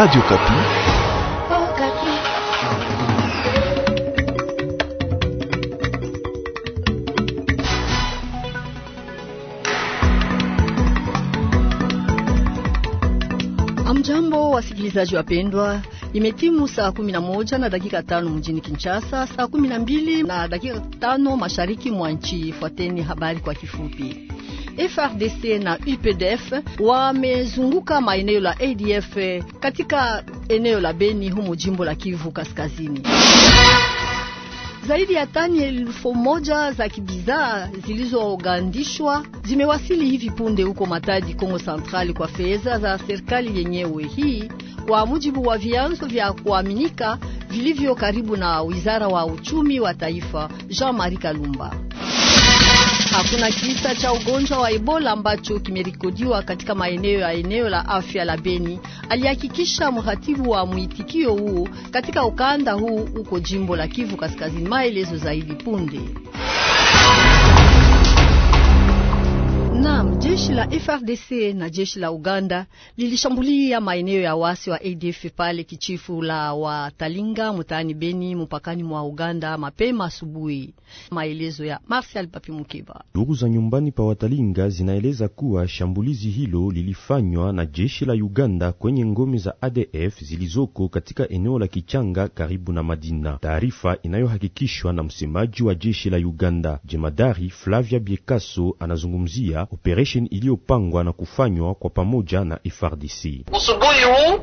Radio Kapi. Amjambo wasikilizaji wapendwa. Imetimu saa kumi na moja na dakika tano mjini Kinshasa, saa kumi na mbili na dakika tano mashariki mwa nchi. Fuateni habari kwa kifupi. FRDC na UPDF wamezunguka maeneo la ADF katika eneo la Beni humo jimbo la Kivu Kaskazini. Zaidi ya tani elfu moja za kibidhaa zilizogandishwa zimewasili hivi punde huko Matadi, Kongo Central, kwa fedha za serikali yenyewe. Hii kwa mujibu wa vyanzo vya kuaminika vilivyo karibu na wizara wa uchumi wa taifa. Jean Marie Kalumba Hakuna kisa cha ugonjwa wa Ebola ambacho kimerekodiwa katika maeneo ya eneo la afya la Beni, alihakikisha mratibu wa mwitikio huu katika ukanda huu uko jimbo la Kivu Kaskazini. Maelezo zaidi punde. Naam, jeshi la FRDC na jeshi la Uganda lilishambulia maeneo ya wasi wa ADF pale kichifu la Watalinga mtaani Beni mpakani mwa Uganda mapema asubuhi. Maelezo ya Martial Papi Mukiba. Ndugu za nyumbani pa Watalinga zinaeleza kuwa shambulizi hilo lilifanywa na jeshi la Uganda kwenye ngome za ADF zilizoko katika eneo la Kichanga karibu na Madina. Taarifa inayohakikishwa na msemaji wa jeshi la Uganda, Jemadari Flavia Biekaso anazungumzia operation iliyopangwa na kufanywa kwa pamoja na frdc Usubuhi huu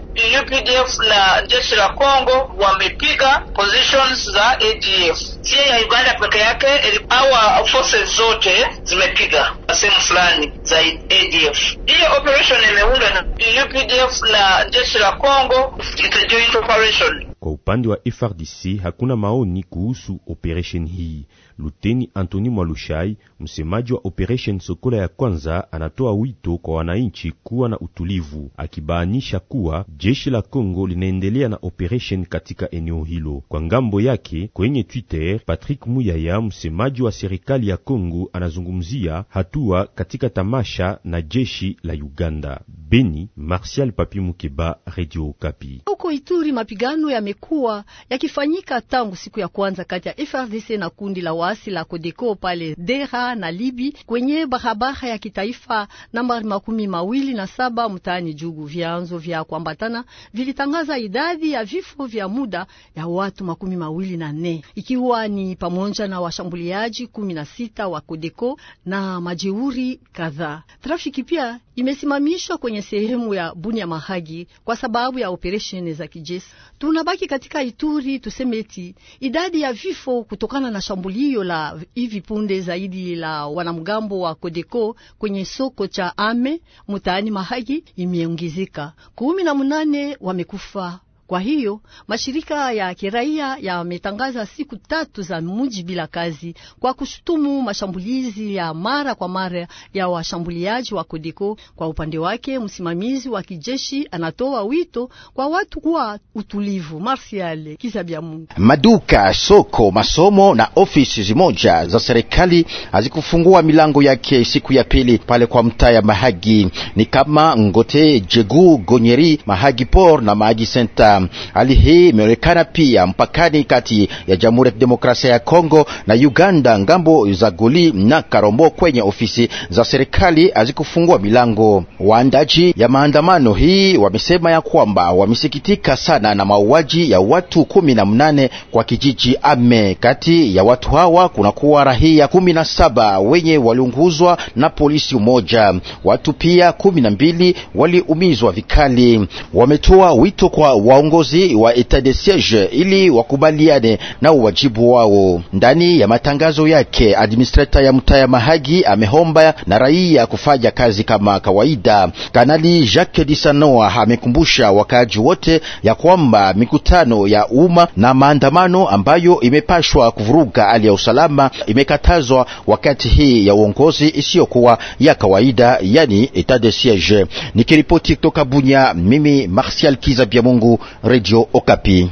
UPDF na jeshi la Kongo wamepiga positions za ADF, sio ya Uganda peke yake, hawa forces zote zimepiga sehemu fulani za ADF. Hiyo operation imeundwa na UPDF na jeshi la Kongo, it's a joint operation. Kwa upande wa frdc hakuna maoni kuhusu operation hii. Luteni Antoni Mwalushai, msemaji wa Operation Sokola ya kwanza, anatoa wito kwa wananchi kuwa na utulivu, akibainisha kuwa jeshi la Kongo linaendelea na operation katika eneo hilo. Kwa ngambo yake, kwenye Twitter, Patrick Muyaya, msemaji wa serikali ya Kongo, anazungumzia hatua katika tamasha na jeshi la Uganda. Beni, Martial Papi Mukeba, Radio Kapi. Huko Ituri mapigano yamekuwa yakifanyika tangu siku ya kwanza kati ya frdc na kundi la waasi la Kodeko pale Dera na Libi kwenye barabara ya kitaifa namba makumi mawili na saba mtaani Jugu. Vyanzo vya kuambatana vilitangaza idadi ya vifo vya muda ya watu makumi mawili na nne ikiwa ni pamoja na washambuliaji kumi na sita wa Kodeko na majeuri kadhaa. Trafiki pia imesimamishwa kwenye sehemu ya ya Mahagi kwa sababu ya operesheni za kijeshi. Tunabaki katika Ituri, tusemeti idadi ya vifo kutokana na shambulio la hivi punde zaidi la wanamgambo wa Kodeko kwenye soko cha Ame mutaani Mahagi imeongezeka, kumi na munane wamekufa kwa hiyo mashirika ya kiraia yametangaza siku tatu za mji bila kazi kwa kushutumu mashambulizi ya mara kwa mara ya washambuliaji wa Kodeko. Kwa upande wake, msimamizi wa kijeshi anatoa wito kwa watu kuwa utulivu. Marsial Kizabiamungu. Maduka, soko, masomo na ofisi zimoja za serikali hazikufungua milango yake siku ya pili pale kwa mtaa ya Mahagi, ni kama Ngote, Jegu, Gonyeri, Mahagi Port na Mahagi Senta. Hali hii imeonekana pia mpakani kati ya Jamhuri ya Kidemokrasia ya Kongo na Uganda, ngambo za Goli na Karombo, kwenye ofisi za serikali hazikufungua milango. Waandaji ya maandamano hii wamesema ya kwamba wamesikitika sana na mauaji ya watu kumi na mnane kwa kijiji Ame. Kati ya watu hawa kunakuwa rahia kumi na saba wenye waliunguzwa na polisi mmoja, watu pia kumi na mbili waliumizwa vikali. Wametoa wito kwa waungu viongozi wa etat de siege ili wakubaliane na uwajibu wao. Ndani ya matangazo yake, administrator ya mtaa ya Mahagi amehomba na raia kufanya kazi kama kawaida. Kanali Jacques Disanoa amekumbusha wakaaji wote ya kwamba mikutano ya umma na maandamano ambayo imepashwa kuvuruga hali ya usalama imekatazwa wakati hii ya uongozi isiyokuwa ya kawaida, yani etat de siege. Nikiripoti kutoka Bunya, mimi Martial Kiza Biamungu. Radio Okapi.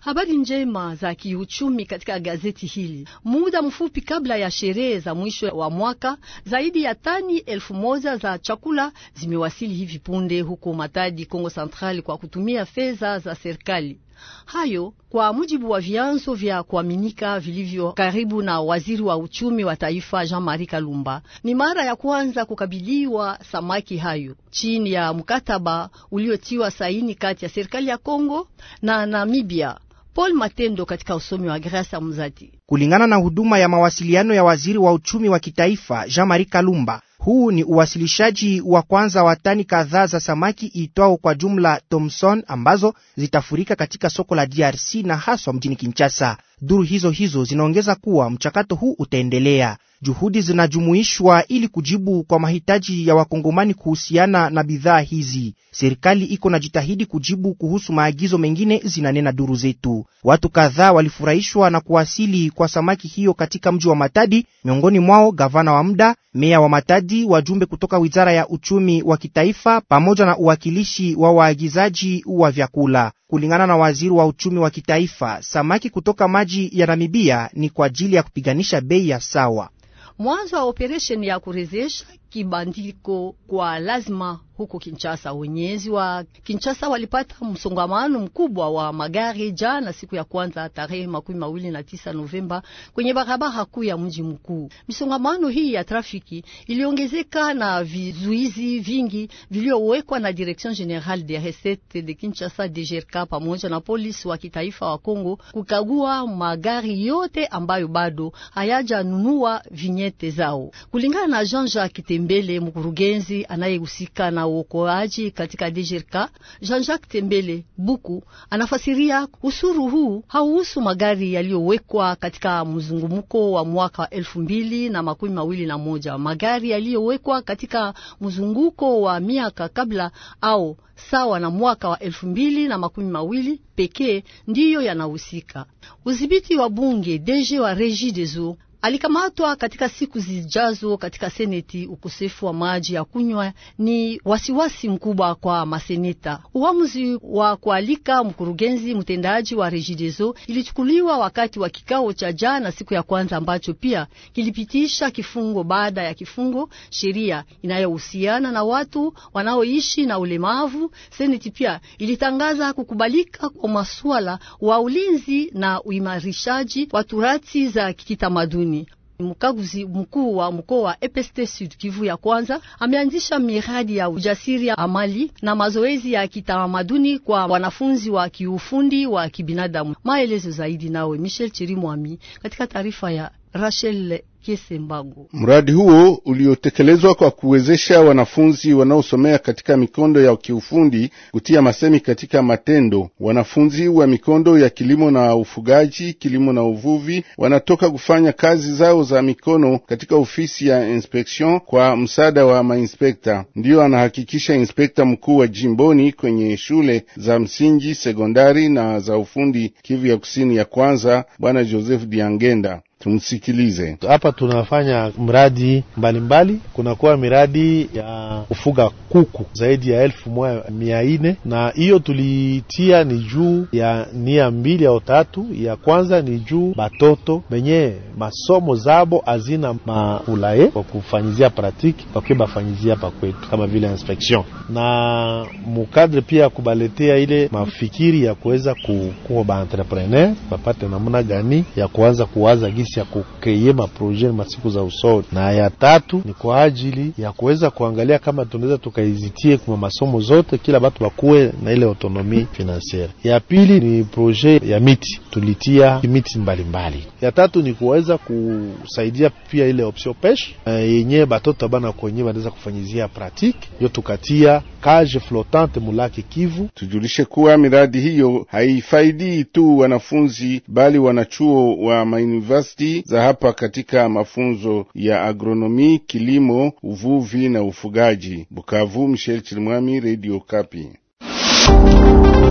Habari njema za kiuchumi katika gazeti hili. Muda mfupi kabla ya sherehe za mwisho wa mwaka, zaidi ya tani elfu moja za chakula zimewasili hivi punde huko Matadi, Kongo Central, kwa kutumia fedha za serikali. Hayo kwa mujibu wa vyanzo vya kuaminika vilivyo karibu na waziri wa uchumi wa taifa Jean-Marie Kalumba. Ni mara ya kwanza kukabiliwa samaki hayo chini ya mkataba uliotiwa saini kati ya serikali ya Kongo na Namibia. Paul Matendo katika usomi wa Grasa Mzati. Kulingana na huduma ya mawasiliano ya waziri wa uchumi wa kitaifa Jean-Marie Kalumba, huu ni uwasilishaji wa kwanza wa tani kadhaa za samaki itwao kwa jumla Thomson ambazo zitafurika katika soko la DRC na haswa mjini Kinshasa. Duru hizo hizo zinaongeza kuwa mchakato huu utaendelea. Juhudi zinajumuishwa ili kujibu kwa mahitaji ya wakongomani kuhusiana na bidhaa hizi. Serikali iko na jitahidi kujibu kuhusu maagizo mengine, zinanena duru zetu. Watu kadhaa walifurahishwa na kuwasili kwa samaki hiyo katika mji wa Matadi, miongoni mwao gavana wa muda, meya wa Matadi, wajumbe kutoka wizara ya uchumi wa kitaifa pamoja na uwakilishi wa waagizaji wa vyakula. Kulingana na waziri wa uchumi wa kitaifa, samaki kutoka maji ya Namibia ni kwa ajili ya kupiganisha bei ya sawa. mwanzo wa operesheni ya kurejesha kibandiko kwa lazima huko Kinshasa. Wenyezi wa Kinshasa walipata msongamano mkubwa wa magari jana, siku ya kwanza tarehe makumi mawili na tisa Novemba kwenye barabara kuu ya mji mkuu. Misongamano hii ya trafiki iliongezeka na vizuizi vingi vilivyowekwa na Direction Generale de Recette de Kinshasa DGRK, pamoja na polisi wa kitaifa wa Kongo kukagua magari yote ambayo bado hayajanunua vinyete zao, kulingana na Jean Jacques Tembele, mkurugenzi anayehusika na uokoaji katika Dejerka, Jean-Jacques Tembele Buku, anafasiria usuru huu hauhusu magari yaliyowekwa katika mzungumuko wa mwaka elfu mbili na makumi mawili na moja, magari yaliyowekwa katika mzunguko wa miaka kabla au sawa na mwaka wa elfu mbili na makumi mawili pekee ndiyo yanahusika. Udhibiti wa bunge DG wa Regie des Eaux alikamatwa katika siku zijazo katika seneti. Ukosefu wa maji ya kunywa ni wasiwasi mkubwa kwa maseneta. Uamuzi wa kualika mkurugenzi mtendaji wa Regideso ilichukuliwa wakati wa kikao cha jana, siku ya kwanza, ambacho pia kilipitisha kifungo baada ya kifungo sheria inayohusiana na watu wanaoishi na ulemavu. Seneti pia ilitangaza kukubalika kwa masuala wa ulinzi na uimarishaji wa turathi za kitamaduni. Mkaguzi mkuu wa mkoa wa EPST Sud Kivu ya kwanza ameanzisha miradi ya ujasiri amali na mazoezi ya kitamaduni kwa wanafunzi wa kiufundi wa kibinadamu. Maelezo zaidi nawe Michel Chirimwami katika taarifa ya Rachel Kiesembangu. Mradi huo uliotekelezwa kwa kuwezesha wanafunzi wanaosomea katika mikondo ya kiufundi kutia masemi katika matendo. Wanafunzi wa mikondo ya kilimo na ufugaji, kilimo na uvuvi wanatoka kufanya kazi zao za mikono katika ofisi ya inspection kwa msaada wa mainspekta, ndiyo anahakikisha inspekta mkuu wa jimboni kwenye shule za msingi, sekondari na za ufundi Kivu ya Kusini ya kwanza, Bwana Joseph Diangenda. Tumsikilize. Hapa tunafanya mradi mbalimbali, kunakuwa miradi ya kufuga kuku zaidi ya elfu moja mia nne na hiyo tulitia ni juu ya nia mbili au tatu. Ya kwanza ni juu batoto benye masomo zabo hazina mafulaye eh, kwa kufanyizia pratiki wakiwe bafanyizia hapa kwetu kama vile inspection, na mukadre pia kubaletea ile mafikiri ya kuweza kukuwa baentrepreneur bapate namna gani ya kuanza kuwaza gisi ya kukeye maproje masiku za usoni, na ya tatu ni kwa ajili ya kuweza kuangalia kama tunaweza tukaizitie kwa masomo zote, kila batu bakuwe na ile autonomi finansiere. Ya pili ni proje ya miti, tulitia miti mbalimbali mbali. Ya tatu ni kuweza kusaidia pia ile option peshe eh, yenye batoto bana kwenye wanaweza kufanyizia pratike yo tukatia Cage flotante Mulaki Kivu. Tujulishe kuwa miradi hiyo haifaidii tu wanafunzi bali wanachuo wa mauniversity za hapa katika mafunzo ya agronomi, kilimo, uvuvi na ufugaji. Bukavu, Michel Chirimwami, Radio Kapi.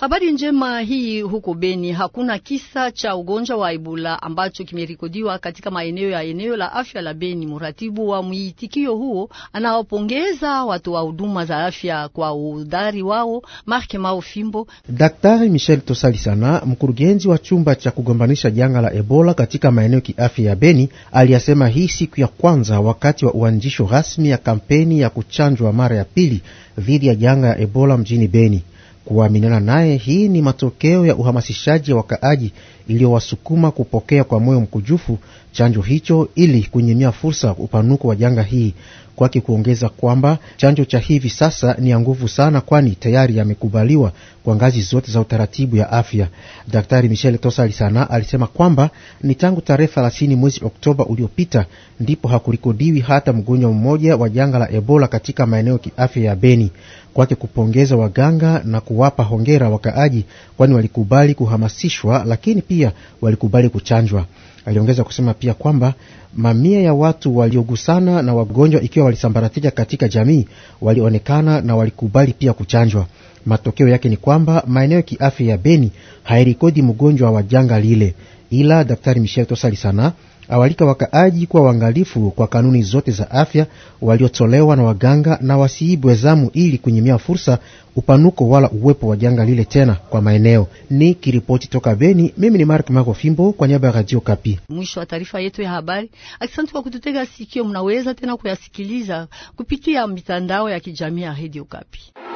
Habari njema hii huko Beni, hakuna kisa cha ugonjwa wa Ebola ambacho kimerekodiwa katika maeneo ya eneo la afya la Beni. Mratibu wa mwitikio huo anawapongeza watu wa huduma za afya kwa udhari wao. Mark Mao Fimbo. Daktari Michel Tosalisana, mkurugenzi wa chumba cha kugombanisha janga la Ebola katika maeneo kiafya ya Beni, aliyasema hii siku ya kwanza wakati wa uanzisho rasmi ya kampeni ya kuchanjwa mara ya pili dhidi ya janga ya Ebola mjini Beni kuaminiana naye. Hii ni matokeo ya uhamasishaji wa wakaaji iliyowasukuma kupokea kwa moyo mkujufu chanjo hicho ili kunyimia fursa upanuko wa janga hii, kwake kuongeza kwamba chanjo cha hivi sasa ni ya nguvu sana, kwani tayari yamekubaliwa kwa ngazi zote za utaratibu ya afya. Daktari Michel Tosali sana alisema kwamba ni tangu tarehe thelathini mwezi Oktoba uliopita ndipo hakurikodiwi hata mgonjwa mmoja wa janga la Ebola katika maeneo kiafya ya Beni kwake kupongeza waganga na kuwapa hongera wakaaji, kwani walikubali kuhamasishwa, lakini pia walikubali kuchanjwa. Aliongeza kusema pia kwamba mamia ya watu waliogusana na wagonjwa ikiwa walisambaratika katika jamii walionekana na walikubali pia kuchanjwa. Matokeo yake ni kwamba maeneo ya kiafya ya Beni hairikodi mgonjwa wa janga lile, ila Daktari Michel Tosali sana awalika wakaaji kuwa wangalifu kwa kanuni zote za afya waliotolewa na waganga na wasiibwe zamu ili kunyimia fursa upanuko wala uwepo wa janga lile tena kwa maeneo. Ni kiripoti toka Beni. Mimi ni Mark Mako Fimbo kwa niaba ya Radio Kapi. Mwisho wa taarifa yetu ya habari. Asante kwa kututega sikio. Mnaweza tena kuyasikiliza kupitia mitandao ya kijamii ya Radio Kapi.